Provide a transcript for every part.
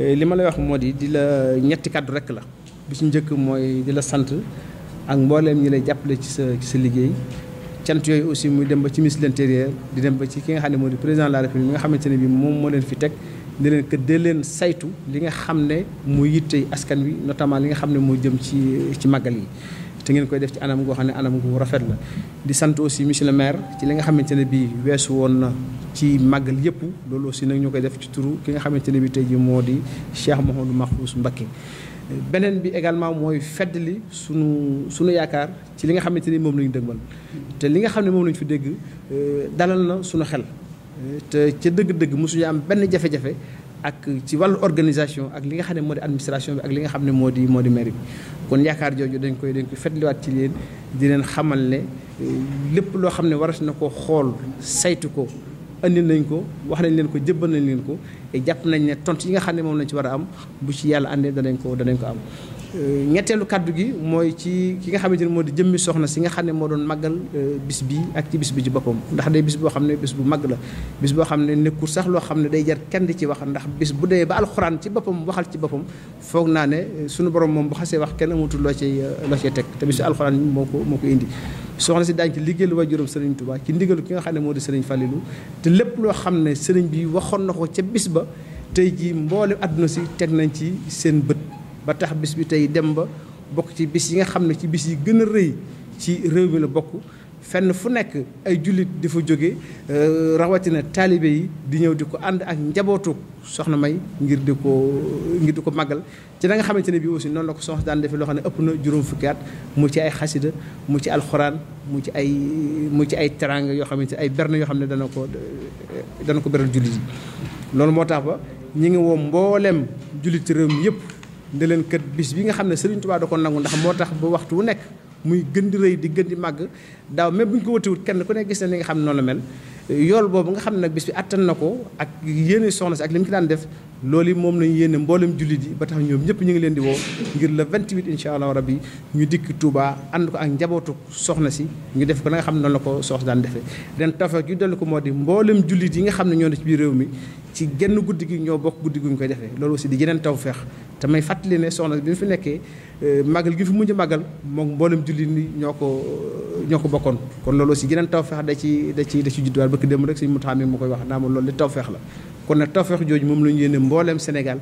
Eh, li ma lay wax moo di di la ñetti kàddu rek la bi su njëkk mooy di la sant ak mbooleem ñi lay jàppale ci sa ci sa liggéey cant yooyu aussi muy dem ba ci ministre de l'intérieur di dem ba ci ki nga xam ne moo di président de la république mi nga xamante ne bi moom moo leen fi teg ne leen que dee leen saytu li nga xam ne muy yitte askan wi notamment li nga xam ne moo jëm ci ci màggal yi te ngeen koy def ci anam goo xam ne anam gu rafet la di sant aussi monsieur le maire ci li nga xamante ne bii weesu woon na ci màggal yëpp loolu aussi nag ñoo koy def ci turu ki nga xamante ne bii tey jii moo di Cheikh Mouhamadou Mahfouz Mbacké beneen bi également mooy feddali sunu sunu yaakaar ci li nga xamante ni moom la ñu dëgmal te li nga xam ne moom la ñu fi dégg euh, dalal na sunu xel euh, te ca dëgg-dëgg mosuñu am benn jafe-jafe ak ci wàllu organisation ak li nga xam ne moo di administration bi ak li nga xam ne moo di moo di mairie bi kon yaakaar jooju dañ koy dañ koy fetliwaat ci leen di leen xamal ne eh, lépp loo xam ne waras na ko xool saytu ko indi nañ ko wax nañ leen ko jëbbal nañ leen ko eh, jàpp nañ ne tont yi nga xam ne moom lañ ci war a am bu ci yàlla àndee danañ ko danañ ko am Euh, ñetteelu kàddu gi mooy ci ki nga xamante ni moo di jëmmi soxna si nga xam ne moo doon màggal euh, bis bi ak ci bi ci boppam ndax day bis boo xam ne bis bu mag la bis boo xam ne nekkul sax loo xam ne jar kenn di ci wax ndax bis bu dee ba alxuraan ci boppam waxal ci boppam foog naa ne euh, suñu borom moom bu xasee wax kenn amatul loo cay loo cay teg te bisu alxuraan moo moo ko indi soxna si daañu ci liggéeyal waajuram sëriñ Touba ci ndigalu ki nga xam ne moo di sëriñ Falilou te lépp loo xam ne sëriñ bi waxoon na ko ca bis ba tey jii mboole àdduna si teg nañ ci seen bët ba tax bis bi tey dem ba bokk ci bis yi nga xam ne ci bis yi gën a rëy ci réew mi la bokk fenn fu nekk ay jullit di fa jóge euh, rawatina taalibe yi di ñëw di ko ànd ak njabootu soxna May ngir di ko ngir di ko màggal ci da nga xamante ne bii aussi noonu la ko soxna daan defee loo xam ne ëpp na juróom fukki at mu ci ay xasida mu ci alxuraan mu ci ay mu ci ay teranga yoo xamante ay berne yoo xam ne dana ko dana ko beral jullit yi. loolu moo tax ba ñu ngi woo mboolem jullit réew mi yëpp. ne leen kat bis bi nga xam ne Serigne Touba da ko nangu ndax moo tax ba waxtu wu nekk muy gën di rëy di gën di màgg daaw même bu ñu ko wëtiwut kenn ku ne gis na ni nga xam ne noonu mel yool boobu nga xam ne nag bis bi attan na ko ak yéene soxna si ak li mu ci daan def loolu moom lañu yéene mboolem jullit yi ba tax ñoom ñëpp ñu ngi leen di woo ngir le 28 incha allah rabbi ñu dikk Touba ànd ko ak njabootu soxna si ñu def ko na xam ne noonu la ko soxna daan defee den tawfeex ju dellu ko moo di mboolem jullit yi nga xam ne ñoo ne ci biir réew mi ci genn guddi gi ñoo bokk guddi guñ koy defee loolu aussi di yeneen tawfeex te may fàttali ne soxna bi mu fi nekkee euh, màggal gi fi mujj màggal moom mboolem jullit ni ñoo ko ñoo ko bokkoon kon loolu aussi geneen tawfeex da ci da ci da ci judduwaat bëkk dem rek suñu mutaam mi mu koy wax naa ma lool li tawfeex la kon nag tawfeex jooju moom la ñu yéene mbooleem Sénégal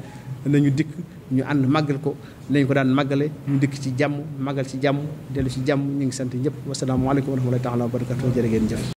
nañu dikk ñu ànd màggal ko nañ ko daan màggale ñu dikk ci jàmm màggal ci jàmm dellu ci jàmm ñu ngi sant ñëpp wasalaamualeykum wa rahmatullahi taala wa barakatu jërë ngeen jëf